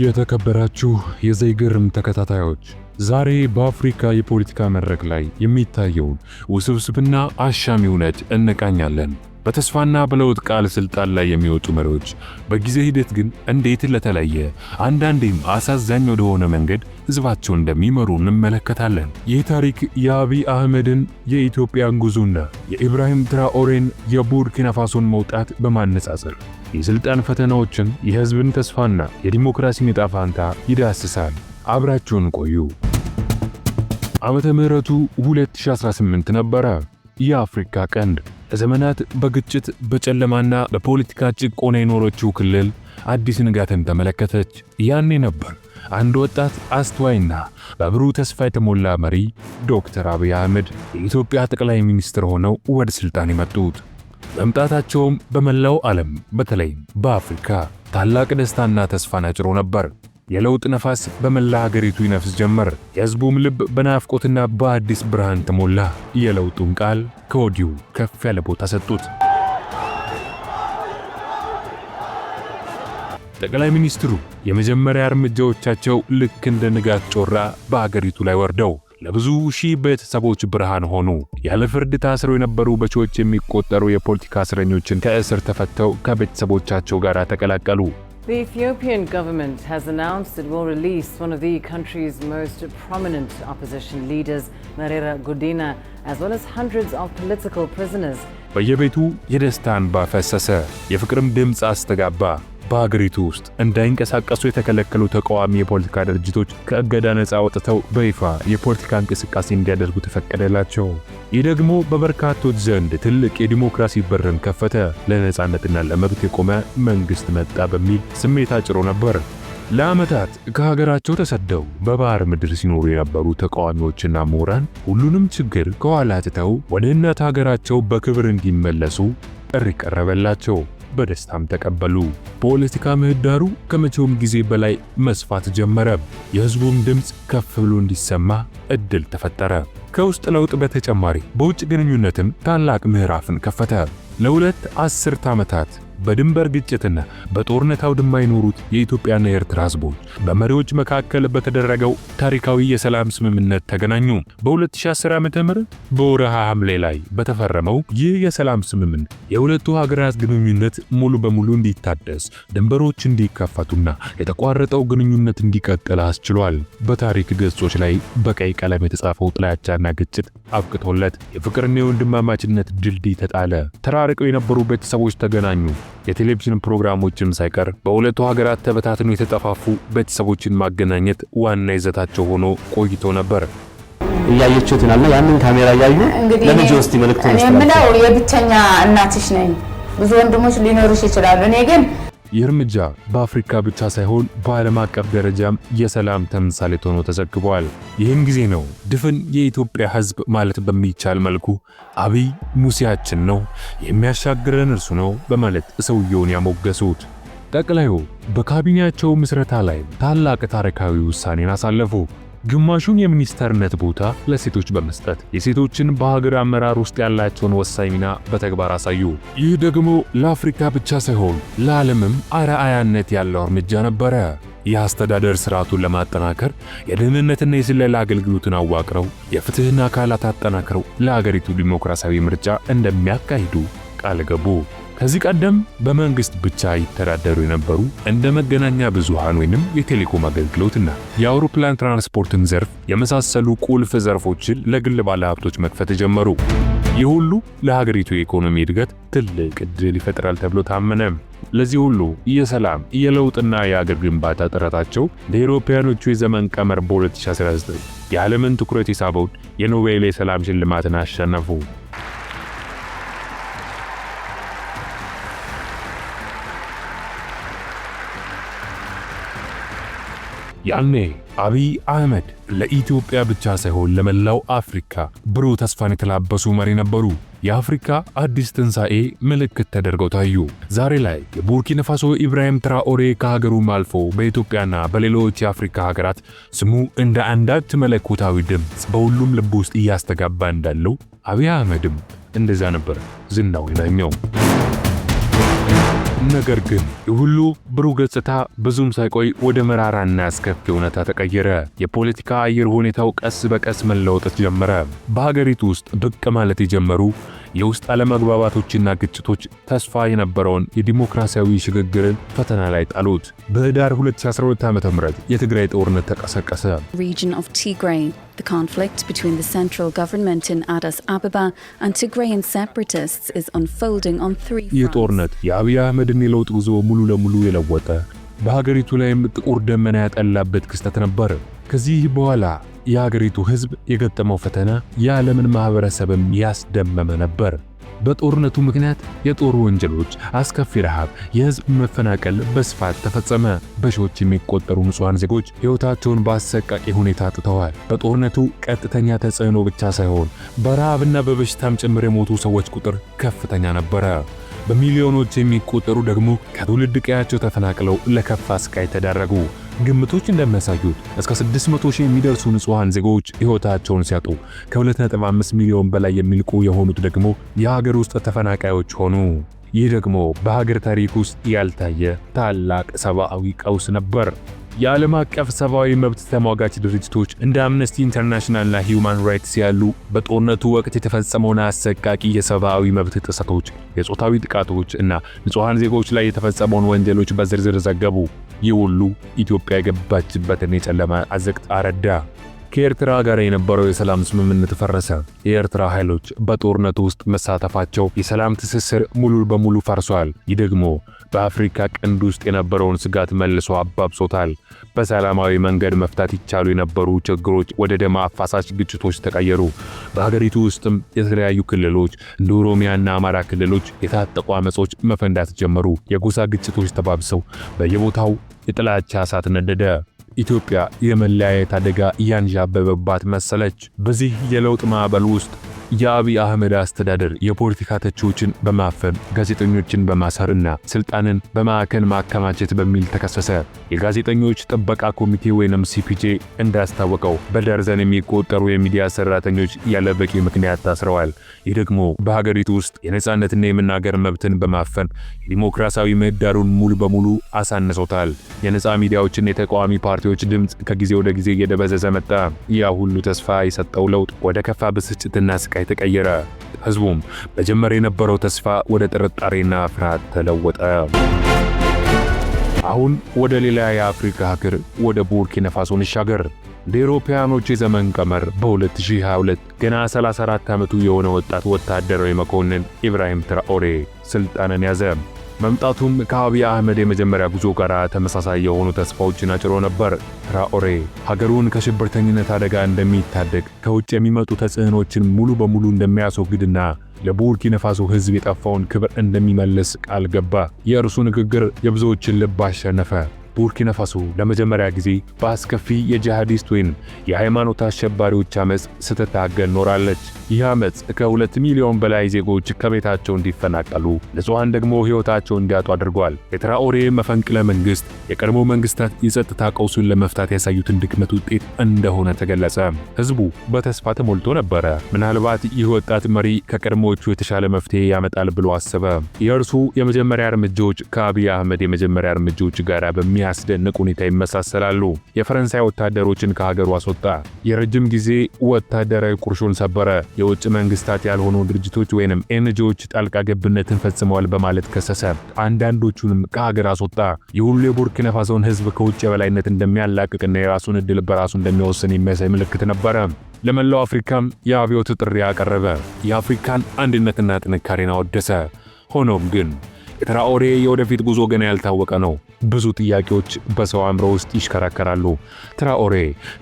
የተከበራችሁ የዘይግርም ተከታታዮች ዛሬ በአፍሪካ የፖለቲካ መድረክ ላይ የሚታየውን ውስብስብና አሻሚ እውነት እንቃኛለን። በተስፋና በለውጥ ቃል ስልጣን ላይ የሚወጡ መሪዎች በጊዜ ሂደት ግን እንዴት ለተለየ አንዳንዴም አሳዛኝ ወደሆነ መንገድ ህዝባቸውን እንደሚመሩ እንመለከታለን። ይህ ታሪክ የአብይ አህመድን የኢትዮጵያን ጉዞና የኢብራሂም ትራኦሬን የቡርኪና ፋሶን መውጣት በማነጻጸር የስልጣን ፈተናዎችን፣ የህዝብን ተስፋና የዲሞክራሲን ዕጣ ፈንታ ይዳስሳል። አብራችሁን ቆዩ። ዓመተ ምህረቱ 2018 ነበረ። የአፍሪካ ቀንድ ለዘመናት በግጭት በጨለማና በፖለቲካ ጭቆና የኖረችው ክልል አዲስ ንጋትን ተመለከተች። ያኔ ነበር አንድ ወጣት አስተዋይና በብሩህ ተስፋ የተሞላ መሪ ዶክተር አብይ አህመድ የኢትዮጵያ ጠቅላይ ሚኒስትር ሆነው ወደ ስልጣን የመጡት። መምጣታቸውም በመላው ዓለም በተለይም በአፍሪካ ታላቅ ደስታና ተስፋን አጭሮ ነበር። የለውጥ ነፋስ በመላ ሀገሪቱ ይነፍስ ጀመር። የሕዝቡም ልብ በናፍቆትና በአዲስ ብርሃን ተሞላ። የለውጡን ቃል ከወዲሁ ከፍ ያለ ቦታ ሰጡት። ጠቅላይ ሚኒስትሩ የመጀመሪያ እርምጃዎቻቸው ልክ እንደ ንጋት ጮራ በአገሪቱ ላይ ወርደው ለብዙ ሺህ ቤተሰቦች ብርሃን ሆኑ። ያለ ፍርድ ታስረው የነበሩ በሺዎች የሚቆጠሩ የፖለቲካ እስረኞችን ከእስር ተፈተው ከቤተሰቦቻቸው ጋር ተቀላቀሉ። The Ethiopian government has announced it will release one of the country's most prominent opposition leaders, Marera Godina, as well as hundreds of political prisoners. በየቤቱ የደስታ እንባ ፈሰሰ፣ የፍቅርም ድምፅ አስተጋባ። በአገሪቱ ውስጥ እንዳይንቀሳቀሱ የተከለከሉ ተቃዋሚ የፖለቲካ ድርጅቶች ከእገዳ ነፃ ወጥተው በይፋ የፖለቲካ እንቅስቃሴ እንዲያደርጉ ተፈቀደላቸው። ይህ ደግሞ በበርካቶች ዘንድ ትልቅ የዲሞክራሲ በርን ከፈተ። ለነፃነትና ለመብት የቆመ መንግስት መጣ በሚል ስሜት አጭሮ ነበር። ለዓመታት ከሀገራቸው ተሰደው በባህር ምድር ሲኖሩ የነበሩ ተቃዋሚዎችና ምሁራን ሁሉንም ችግር ከኋላ ትተው ወደ እናት ሀገራቸው በክብር እንዲመለሱ ጥሪ ቀረበላቸው። በደስታም ተቀበሉ። ፖለቲካ ምህዳሩ ከመቼውም ጊዜ በላይ መስፋት ጀመረ። የህዝቡም ድምፅ ከፍ ብሎ እንዲሰማ እድል ተፈጠረ። ከውስጥ ለውጥ በተጨማሪ በውጭ ግንኙነትም ታላቅ ምዕራፍን ከፈተ። ለሁለት አስርት ዓመታት በድንበር ግጭትና በጦርነት አውድማ የኖሩት የኢትዮጵያና የኤርትራ ህዝቦች በመሪዎች መካከል በተደረገው ታሪካዊ የሰላም ስምምነት ተገናኙ። በ2010 ዓ.ም በወርሃ ሐምሌ ላይ በተፈረመው ይህ የሰላም ስምምነት የሁለቱ ሀገራት ግንኙነት ሙሉ በሙሉ እንዲታደስ፣ ድንበሮች እንዲከፈቱና የተቋረጠው ግንኙነት እንዲቀጥል አስችሏል። በታሪክ ገጾች ላይ በቀይ ቀለም የተጻፈው ጥላቻና ግጭት አብቅቶለት የፍቅርና የወንድማማችነት ድልድይ ተጣለ። ተራርቀው የነበሩ ቤተሰቦች ተገናኙ። የቴሌቪዥን ፕሮግራሞችም ሳይቀር በሁለቱ ሀገራት ተበታትነው የተጠፋፉ ቤተሰቦችን ማገናኘት ዋና ይዘታቸው ሆኖ ቆይቶ ነበር። እያየችሁት ናልና ያንን ካሜራ እያዩ ለልጅ ውስጥ መልእክት ነው የምለው። የብቸኛ እናትሽ ነኝ። ብዙ ወንድሞች ሊኖሩሽ ይችላሉ። እኔ ግን ይህ እርምጃ በአፍሪካ ብቻ ሳይሆን በዓለም አቀፍ ደረጃም የሰላም ተምሳሌት ሆኖ ተዘግቧል። ይህም ጊዜ ነው ድፍን የኢትዮጵያ ሕዝብ ማለት በሚቻል መልኩ አብይ ሙሴያችን ነው፣ የሚያሻግረን እርሱ ነው በማለት ሰውየውን ያሞገሱት። ጠቅላዩ በካቢኔያቸው ምስረታ ላይ ታላቅ ታሪካዊ ውሳኔን አሳለፉ። ግማሹን የሚኒስተርነት ቦታ ለሴቶች በመስጠት የሴቶችን በሀገር አመራር ውስጥ ያላቸውን ወሳኝ ሚና በተግባር አሳዩ። ይህ ደግሞ ለአፍሪካ ብቻ ሳይሆን ለዓለምም አርአያነት ያለው እርምጃ ነበረ። የአስተዳደር ስርዓቱን ለማጠናከር የደህንነትና የስለላ አገልግሎትን አዋቅረው የፍትህና አካላት አጠናክረው ለአገሪቱ ዲሞክራሲያዊ ምርጫ እንደሚያካሂዱ ቃል ገቡ። ከዚህ ቀደም በመንግስት ብቻ ይተዳደሩ የነበሩ እንደ መገናኛ ብዙሃን ወይንም የቴሌኮም አገልግሎትና የአውሮፕላን ትራንስፖርትን ዘርፍ የመሳሰሉ ቁልፍ ዘርፎችን ለግል ባለሀብቶች መክፈት ጀመሩ። ይህ ሁሉ ለሀገሪቱ የኢኮኖሚ እድገት ትልቅ እድል ይፈጥራል ተብሎ ታመነ። ለዚህ ሁሉ የሰላም የለውጥና የአገር ግንባታ ጥረታቸው ለአውሮፓውያኖቹ የዘመን ቀመር በ2019 የዓለምን ትኩረት የሳበውን የኖቤል የሰላም ሽልማትን አሸነፉ። ያኔ አብይ አህመድ ለኢትዮጵያ ብቻ ሳይሆን ለመላው አፍሪካ ብሩህ ተስፋን የተላበሱ መሪ ነበሩ። የአፍሪካ አዲስ ትንሣኤ ምልክት ተደርገው ታዩ። ዛሬ ላይ የቡርኪና ፋሶ ኢብራሂም ትራኦሬ ከሀገሩም አልፎ በኢትዮጵያና በሌሎች የአፍሪካ ሀገራት ስሙ እንደ አንዳች መለኮታዊ ድምፅ በሁሉም ልብ ውስጥ እያስተጋባ እንዳለው አብይ አህመድም እንደዛ ነበር ዝናው ይናኘው። ነገር ግን ይህ ሁሉ ብሩህ ገጽታ ብዙም ሳይቆይ ወደ መራራና አስከፊ እውነታ ተቀየረ። የፖለቲካ አየር ሁኔታው ቀስ በቀስ መለወጥ ጀመረ። በሀገሪቱ ውስጥ ብቅ ማለት የጀመሩ የውስጥ አለመግባባቶችና ግጭቶች ተስፋ የነበረውን የዲሞክራሲያዊ ሽግግርን ፈተና ላይ ጣሉት። በህዳር 2012 ዓ.ም የትግራይ ጦርነት ተቀሰቀሰ። ይህ ጦርነት የአብይ አህመድን የለውጥ ጉዞ ሙሉ ለሙሉ የለወጠ በሀገሪቱ ላይም ጥቁር ደመና ያጠላበት ክስተት ነበር። ከዚህ በኋላ የአገሪቱ ሕዝብ የገጠመው ፈተና የዓለምን ማኅበረሰብም ያስደመመ ነበር። በጦርነቱ ምክንያት የጦር ወንጀሎች፣ አስከፊ ረሃብ፣ የሕዝብ መፈናቀል በስፋት ተፈጸመ። በሺዎች የሚቆጠሩ ንጹሐን ዜጎች ሕይወታቸውን በአሰቃቂ ሁኔታ አጥተዋል። በጦርነቱ ቀጥተኛ ተጽዕኖ ብቻ ሳይሆን በረሃብና በበሽታም ጭምር የሞቱ ሰዎች ቁጥር ከፍተኛ ነበረ። በሚሊዮኖች የሚቆጠሩ ደግሞ ከትውልድ ቀያቸው ተፈናቅለው ለከፋ ስቃይ ተዳረጉ። ግምቶች እንደሚያሳዩት እስከ 600 ሺህ የሚደርሱ ንጹሐን ዜጎች ሕይወታቸውን ሲያጡ ከ2.5 ሚሊዮን በላይ የሚልቁ የሆኑት ደግሞ የሀገር ውስጥ ተፈናቃዮች ሆኑ። ይህ ደግሞ በሀገር ታሪክ ውስጥ ያልታየ ታላቅ ሰብአዊ ቀውስ ነበር። የዓለም አቀፍ ሰብአዊ መብት ተሟጋች ድርጅቶች እንደ አምነስቲ ኢንተርናሽናልና ሂውማን ራይትስ ያሉ በጦርነቱ ወቅት የተፈጸመውን አሰቃቂ የሰብአዊ መብት ጥሰቶች፣ የጾታዊ ጥቃቶች እና ንጹሐን ዜጎች ላይ የተፈጸመውን ወንጀሎች በዝርዝር ዘገቡ። ይህ ሁሉ ኢትዮጵያ የገባችበትን የጨለማ አዘቅት አረዳ። ከኤርትራ ጋር የነበረው የሰላም ስምምነት ፈረሰ። የኤርትራ ኃይሎች በጦርነቱ ውስጥ መሳተፋቸው የሰላም ትስስር ሙሉ በሙሉ ፈርሷል። ይህ ደግሞ በአፍሪካ ቀንድ ውስጥ የነበረውን ስጋት መልሶ አባብሶታል። በሰላማዊ መንገድ መፍታት ይቻሉ የነበሩ ችግሮች ወደ ደም አፋሳሽ ግጭቶች ተቀየሩ። በሀገሪቱ ውስጥም የተለያዩ ክልሎች እንደ ኦሮሚያና አማራ ክልሎች የታጠቁ አመጾች መፈንዳት ጀመሩ። የጎሳ ግጭቶች ተባብሰው በየቦታው የጥላቻ እሳት ነደደ። ኢትዮጵያ የመለያየት አደጋ እያንዣበበባት መሰለች። በዚህ የለውጥ ማዕበል ውስጥ የአብይ አህመድ አስተዳደር የፖለቲካ ተቺዎችን በማፈን ጋዜጠኞችን በማሰር እና ስልጣንን በማዕከል ማከማቸት በሚል ተከሰሰ። የጋዜጠኞች ጥበቃ ኮሚቴ ወይንም ሲፒጄ እንዳስታወቀው በደርዘን የሚቆጠሩ የሚዲያ ሰራተኞች ያለ በቂ ምክንያት ታስረዋል። ይህ ደግሞ በሀገሪቱ ውስጥ የነጻነትና የመናገር መብትን በማፈን የዲሞክራሲያዊ ምህዳሩን ሙሉ በሙሉ አሳንሶታል። የነጻ ሚዲያዎችን የተቃዋሚ ፓርቲዎች ድምፅ ከጊዜ ወደ ጊዜ እየደበዘዘ መጣ። ያ ሁሉ ተስፋ የሰጠው ለውጥ ወደ ከፋ ብስጭትና ስቃይ ስቃይ ተቀየረ። ህዝቡም በጀመር የነበረው ተስፋ ወደ ጥርጣሬና ፍርሃት ተለወጠ። አሁን ወደ ሌላ የአፍሪካ ሀገር ወደ ቡርኪና ፋሶ እንሻገር። እንደ አውሮፓውያኖች የዘመን ቀመር በ2022 ገና 34 ዓመቱ የሆነ ወጣት ወታደራዊ መኮንን ኢብራሂም ትራኦሬ ስልጣንን ያዘ። መምጣቱም ከአብይ አህመድ የመጀመሪያ ጉዞ ጋር ተመሳሳይ የሆኑ ተስፋዎችን አጭሮ ነበር። ትራኦሬ ሀገሩን ከሽብርተኝነት አደጋ እንደሚታደግ ከውጭ የሚመጡ ተጽዕኖችን ሙሉ በሙሉ እንደሚያስወግድና ለቡርኪናፋሶ ህዝብ ሕዝብ የጠፋውን ክብር እንደሚመልስ ቃል ገባ። የእርሱ ንግግር የብዙዎችን ልብ አሸነፈ። ቡርኪና ፋሶ ለመጀመሪያ ጊዜ በአስከፊ የጂሃዲስት ወይም የሃይማኖት አሸባሪዎች ዓመፅ ስትታገል ኖራለች። ይህ አመፅ ከሁለት ሚሊዮን በላይ ዜጎች ከቤታቸው እንዲፈናቀሉ፣ ንጹሐን ደግሞ ሕይወታቸው እንዲያጡ አድርጓል። የትራኦሬ መፈንቅለ መንግሥት የቀድሞ መንግሥታት የጸጥታ ቀውሱን ለመፍታት ያሳዩትን ድክመት ውጤት እንደሆነ ተገለጸ። ሕዝቡ በተስፋ ተሞልቶ ነበረ። ምናልባት ይህ ወጣት መሪ ከቀድሞዎቹ የተሻለ መፍትሄ ያመጣል ብሎ አሰበ። የእርሱ የመጀመሪያ እርምጃዎች ከአብይ አህመድ የመጀመሪያ እርምጃዎች ጋር በሚ በሚያስደንቅ ሁኔታ ይመሳሰላሉ። የፈረንሳይ ወታደሮችን ከሀገሩ አስወጣ። የረጅም ጊዜ ወታደራዊ ቁርሾን ሰበረ። የውጭ መንግስታት ያልሆኑ ድርጅቶች ወይንም ኤንጂዎች ጣልቃ ገብነትን ፈጽመዋል በማለት ከሰሰ። አንዳንዶቹንም ከሀገር አስወጣ። የሁሉ ሁሉ ህዝብ ከውጭ የበላይነት እንደሚያላቅቅና የራሱን እድል በራሱ እንደሚወስን የሚያሳይ ምልክት ነበረ። ለመላው አፍሪካም የአብዮት ጥሪ አቀረበ። የአፍሪካን አንድነትና ጥንካሬን አወደሰ። ሆኖም ግን የትራኦሬ የወደፊት ጉዞ ገና ያልታወቀ ነው። ብዙ ጥያቄዎች በሰው አእምሮ ውስጥ ይሽከራከራሉ። ትራኦሬ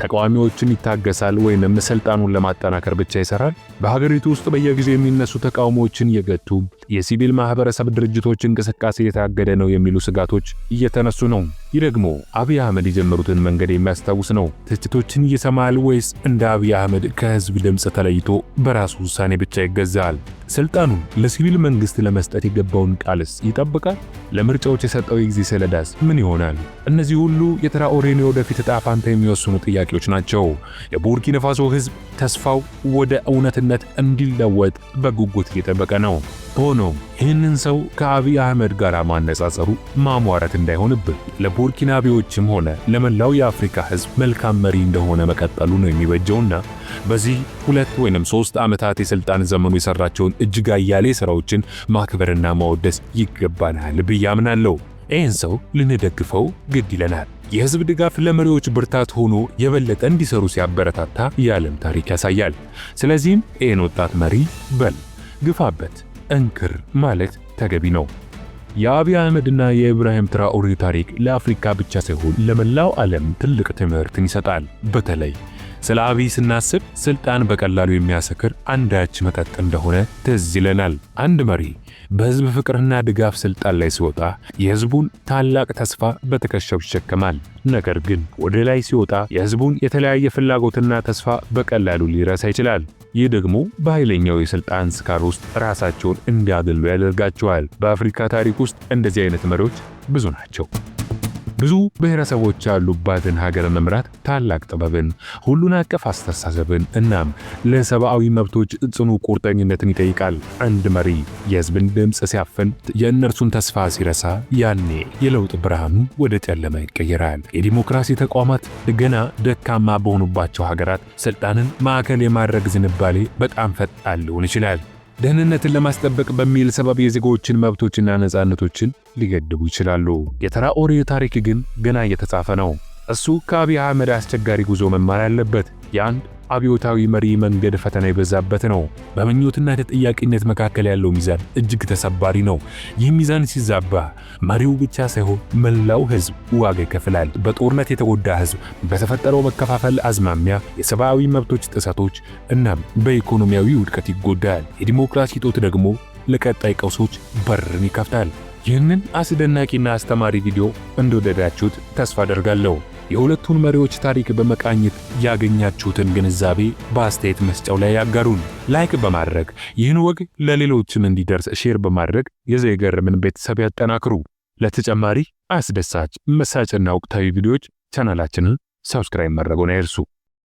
ተቃዋሚዎችን ይታገሳል ወይንም ስልጣኑን ለማጠናከር ብቻ ይሰራል? በሀገሪቱ ውስጥ በየጊዜው የሚነሱ ተቃውሞዎችን እየገቱ የሲቪል ማህበረሰብ ድርጅቶች እንቅስቃሴ የታገደ ነው የሚሉ ስጋቶች እየተነሱ ነው። ይህ ደግሞ አብይ አህመድ የጀመሩትን መንገድ የሚያስታውስ ነው። ትችቶችን እየሰማል ወይስ እንደ አብይ አህመድ ከህዝብ ድምፅ ተለይቶ በራሱ ውሳኔ ብቻ ይገዛል? ስልጣኑን ለሲቪል መንግስት ለመስጠት የገባውን ቃልስ ይጠብቃል? ለምርጫዎች የሰጠው የጊዜ ሰሌዳስ ምን ይሆናል? እነዚህ ሁሉ የትራኦሬን የወደፊት ወደፊት ፈንታ የሚወስኑ ጥያቄዎች ናቸው። የቡርኪና ፋሶ ተስፋው ወደ እውነትነት እንዲለወጥ በጉጉት እየጠበቀ ነው። ሆኖም ይህንን ሰው ከአብይ አህመድ ጋር ማነጻጸሩ ማሟረት እንዳይሆንብን ለቡርኪናቤዎችም ሆነ ለመላው የአፍሪካ ሕዝብ መልካም መሪ እንደሆነ መቀጠሉ ነው የሚበጀውና በዚህ ሁለት ወይንም ሶስት ዓመታት የሥልጣን ዘመኑ የሠራቸውን እጅግ አያሌ ሥራዎችን ማክበርና ማወደስ ይገባናል ብዬ አምናለሁ። ይህን ሰው ልንደግፈው ግድ ይለናል። የህዝብ ድጋፍ ለመሪዎች ብርታት ሆኖ የበለጠ እንዲሰሩ ሲያበረታታ የዓለም ታሪክ ያሳያል። ስለዚህም ይህን ወጣት መሪ በል ግፋበት። እንክር ማለት ተገቢ ነው። የአብይ አህመድና የኢብራሂም ትራኦሬ ታሪክ ለአፍሪካ ብቻ ሳይሆን ለመላው ዓለም ትልቅ ትምህርትን ይሰጣል። በተለይ ስለ አብይ ስናስብ ስልጣን በቀላሉ የሚያሰክር አንዳች መጠጥ እንደሆነ ትዝ ይለናል። አንድ መሪ በህዝብ ፍቅርና ድጋፍ ስልጣን ላይ ሲወጣ የህዝቡን ታላቅ ተስፋ በትከሻው ይሸከማል። ነገር ግን ወደ ላይ ሲወጣ የህዝቡን የተለያየ ፍላጎትና ተስፋ በቀላሉ ሊረሳ ይችላል። ይህ ደግሞ በኃይለኛው የስልጣን ስካር ውስጥ ራሳቸውን እንዲያገሉ ያደርጋቸዋል። በአፍሪካ ታሪክ ውስጥ እንደዚህ አይነት መሪዎች ብዙ ናቸው። ብዙ ብሔረሰቦች ያሉባትን ሀገር መምራት ታላቅ ጥበብን፣ ሁሉን አቀፍ አስተሳሰብን እናም ለሰብአዊ መብቶች ጽኑ ቁርጠኝነትን ይጠይቃል። አንድ መሪ የህዝብን ድምፅ ሲያፍን፣ የእነርሱን ተስፋ ሲረሳ፣ ያኔ የለውጥ ብርሃኑ ወደ ጨለማ ይቀየራል። የዲሞክራሲ ተቋማት ገና ደካማ በሆኑባቸው ሀገራት ስልጣንን ማዕከል የማድረግ ዝንባሌ በጣም ፈጣን ሊሆን ይችላል። ደህንነትን ለማስጠበቅ በሚል ሰበብ የዜጎችን መብቶችና ነፃነቶችን ሊገድቡ ይችላሉ። የተራ ታሪክ ግን ገና እየተጻፈ ነው። እሱ ከአብይ አህመድ አስቸጋሪ ጉዞ መማር ያለበት የአንድ አብዮታዊ መሪ መንገድ ፈተና የበዛበት ነው። በምኞትና ተጠያቂነት መካከል ያለው ሚዛን እጅግ ተሰባሪ ነው። ይህ ሚዛን ሲዛባ መሪው ብቻ ሳይሆን መላው ሕዝብ ዋጋ ይከፍላል። በጦርነት የተጎዳ ሕዝብ በተፈጠረው መከፋፈል አዝማሚያ፣ የሰብአዊ መብቶች ጥሰቶች እናም በኢኮኖሚያዊ ውድቀት ይጎዳል። የዲሞክራሲ ጦት ደግሞ ለቀጣይ ቀውሶች በርን ይከፍታል። ይህንን አስደናቂና አስተማሪ ቪዲዮ እንደወደዳችሁት ተስፋ አደርጋለሁ። የሁለቱን መሪዎች ታሪክ በመቃኘት ያገኛችሁትን ግንዛቤ በአስተያየት መስጫው ላይ ያጋሩን። ላይክ በማድረግ ይህን ወግ ለሌሎችም እንዲደርስ ሼር በማድረግ የዘይገርምን ቤተሰብ ያጠናክሩ። ለተጨማሪ አስደሳች መሳጭና ወቅታዊ ቪዲዮዎች ቻናላችንን ሰብስክራይብ ማድረግዎን አይርሱ።